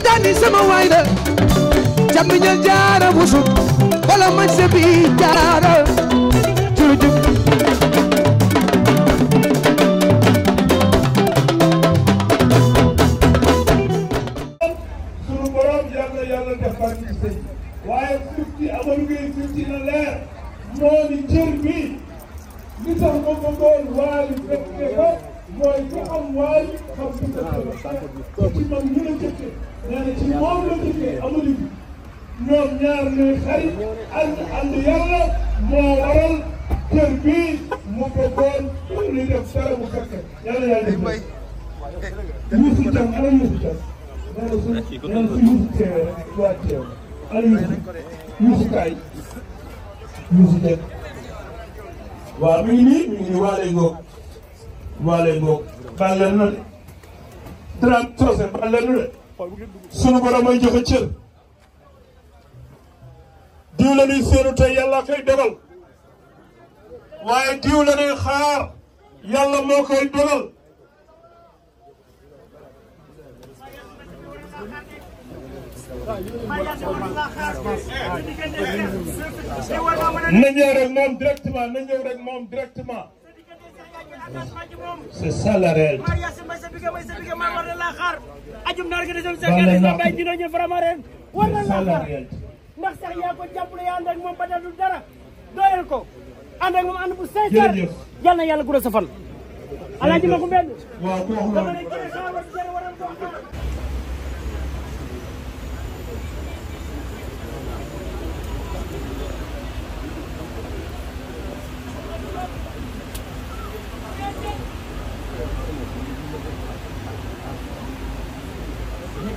tijani sama waay la jamiñal jaara busu wala man se bi jaara jurujub sunu borom yàlla yàlla defar ci sëy waaye fifti amal ngay fifti na leer moo ni cër bi li tax ma ko doon waali fekke ko mooy ku am waay xam si sa tool ci man mën a jëkkee nee na ci moom la jëkkee amul bi ñoom ñaar ñooy xarit ànd ànd yàlla moo waral kër bii mu bëggoon pour li def dara mu fekke yàlla yàlla def na yuusu tam ana yuusu tam nee na su nee na su yuusu teewee rek waa teew ana yuusu yuusu kaay yuusu teg waaw mi ngi nii mi ngi nii waa lay ngoog waale boog bàllal na de dara soose bàllal nu de sunu borom ay joxe cër diw la ñuy seenu tey yàlla koy dogal waaye diw la ñuy xaar yàlla moo koy dogal na ñëw rek moom directement na ñëw rek moom directement C'est ça la réalité. C'est ça la réalité. ndax sax yaa ko jàppale yaa ànd moom ba du dara doyal ko ànd moom ànd bu sincère. jërëjëf na yàlla guddal sa fan. alaaji ma ko benn.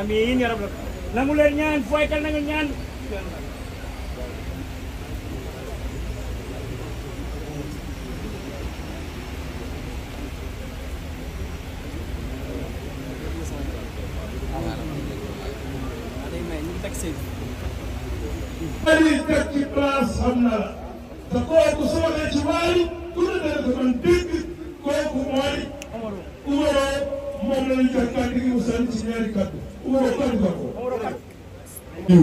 amiin ya rabbal nangu leen ñaan fu waay kal nangu ñaan dañuy teg ci place xam na la te kooku su waxee ci waali ku ne dana ko mën dégg kooku mooy Umarou moom la ñu jox kàddu gi mu sant ci yi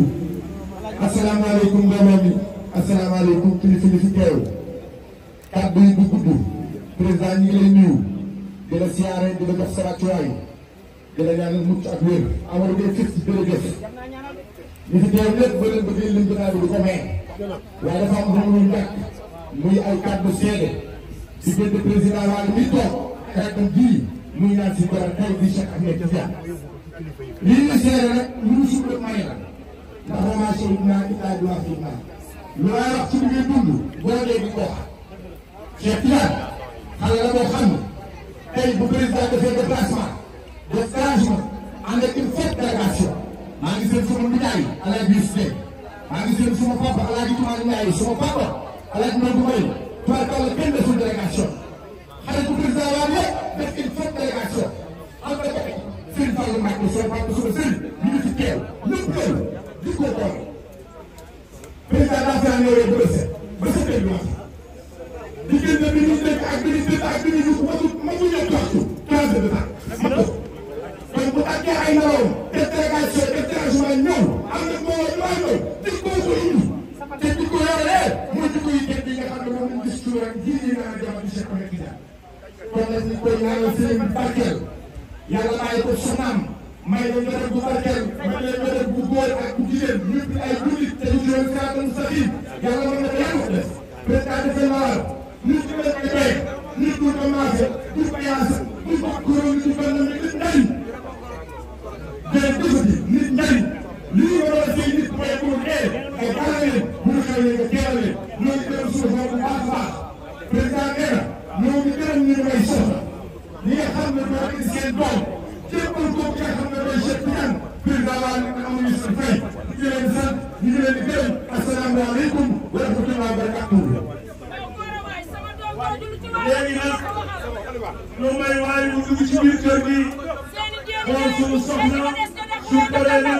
asalaamaaleykum kilifa yi yi du gudd président ñu ngi lay nuyu di la siyaare di la jox sa mucc ak wér Amady Gueye fii ci jërëjëf ñu fi teew lépp ba leen bëggee lim dinaa bi du ko may waaye dafa am lu mu ñàkk muy ay muy naan si barab tey bi Cheikh Ahmed Tidiane lii ñu seere nag ñu suñu may la ndax damaa seetlu naa it daal di wax fii naa lu may wax ci biir dund boo dee di ko wax Cheikh Tidiane xale la boo xam ne tey bu président defee déplacement def changement ànd ak une forte délégation maa ngi seen sama nijaay Alaaji Yusuf Dey maa ngi seen sama papa Alaaji Tumaani Ndiaye sama papa Alaaji Ndao Mbaye tubaarkalla kenn deful délégation xale bu président waat nekk une forte délégation en tant que Serigne Fallou Mbacké soo bàq soo Serigne ñu ngi ci teew lépp loolu di ko boole. président national yooyu ba set ba set ay lois diggante bi ñu nekk ak bi ñu dëkk ak bi ñu yóbbu ba mu ñëw partout 15 de temps. bu barkeel yàlla may ko soxnaam may ko njaboot bu barkeel may ko njaboot bu góor ak bu jigéen ñëpp ay jullit te ñu jël siraatal mustaqiim yàlla mën na ko yàlla ko def président de seen nit ku nekk nit ku commencé yaasa xam ne mooy seen doom jébbal ko ki nga xam ne mooy Cheikh Tidiane président waa li nga amuñu sa fay di leen sant di leen di gërëm asalaamaaleykum wa rahmatulah wa barakatuh. léegi nag lu may waay mu dugg ci biir kër gi xool suñu soxna su paree nag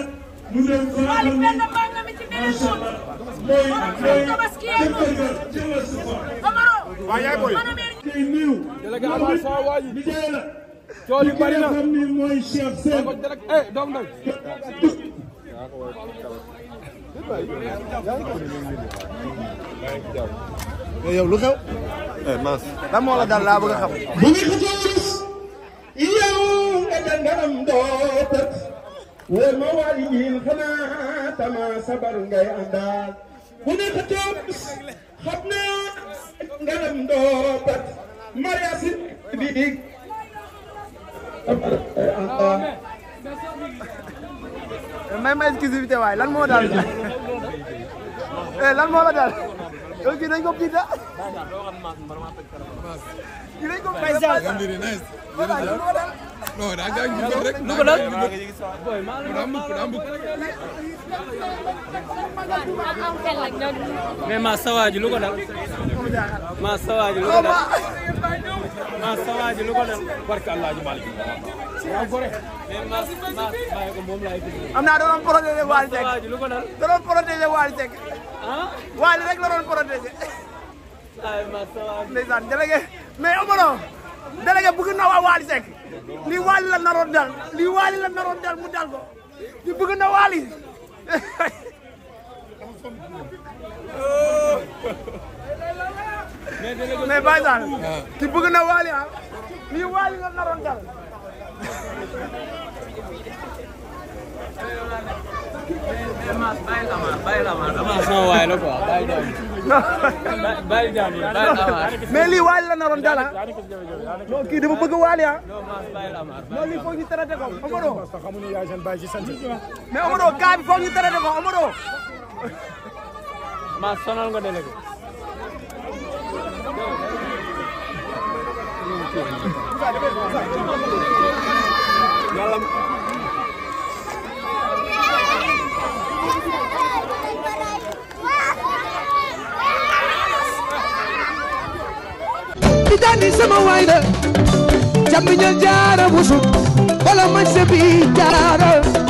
mu dem ko xam ni macha allah mooy mooy jëkkër ga jëkkër su ko. lay nuyu. délégué Amar Sarr waa ji liggéey la. coono yu bëri na xam ni mooy chef seen. eh doom nday. mais eh, yow lu xew. eh mince. lan moo la dal laa bëgg a xam. bu ngi ko gis. yow nga jàngaram doo tët. wóor ma waa ji ñun xanaa tama sabar ngay àndaal. bu ngi ko gis. xam naa ngaram doo tët. Maria Siddiq may ma exclusivité waay lan moo daal eh, lan moo la daal donc kii dañ ko kii da ah. kii dañ ko kii ah. da non daa gaañ ñu Mass sa waa ji lu ko dal barke El Hadj Malick. waaw gore. mais Mass Mass bàyyi ko moom ko dal. doon protéger Wally mais Omaro. délégué bëgg na waa Wally Seck. lii Wally la naroon dal lii Wally la naroon dal mu dal ko. di bëgg na Wally. mais Baye Zale ki bëgg na Wally ah lii Wally nga naroon lii Wally la naroon dal ah kii dafa bëgg Wally ah non lii foog ñu traité ko Amadou mais Amadou gars bi foog ko Amadou ma Tijani sama waay la jàmm ñal jaara busu wala ma sebi jaara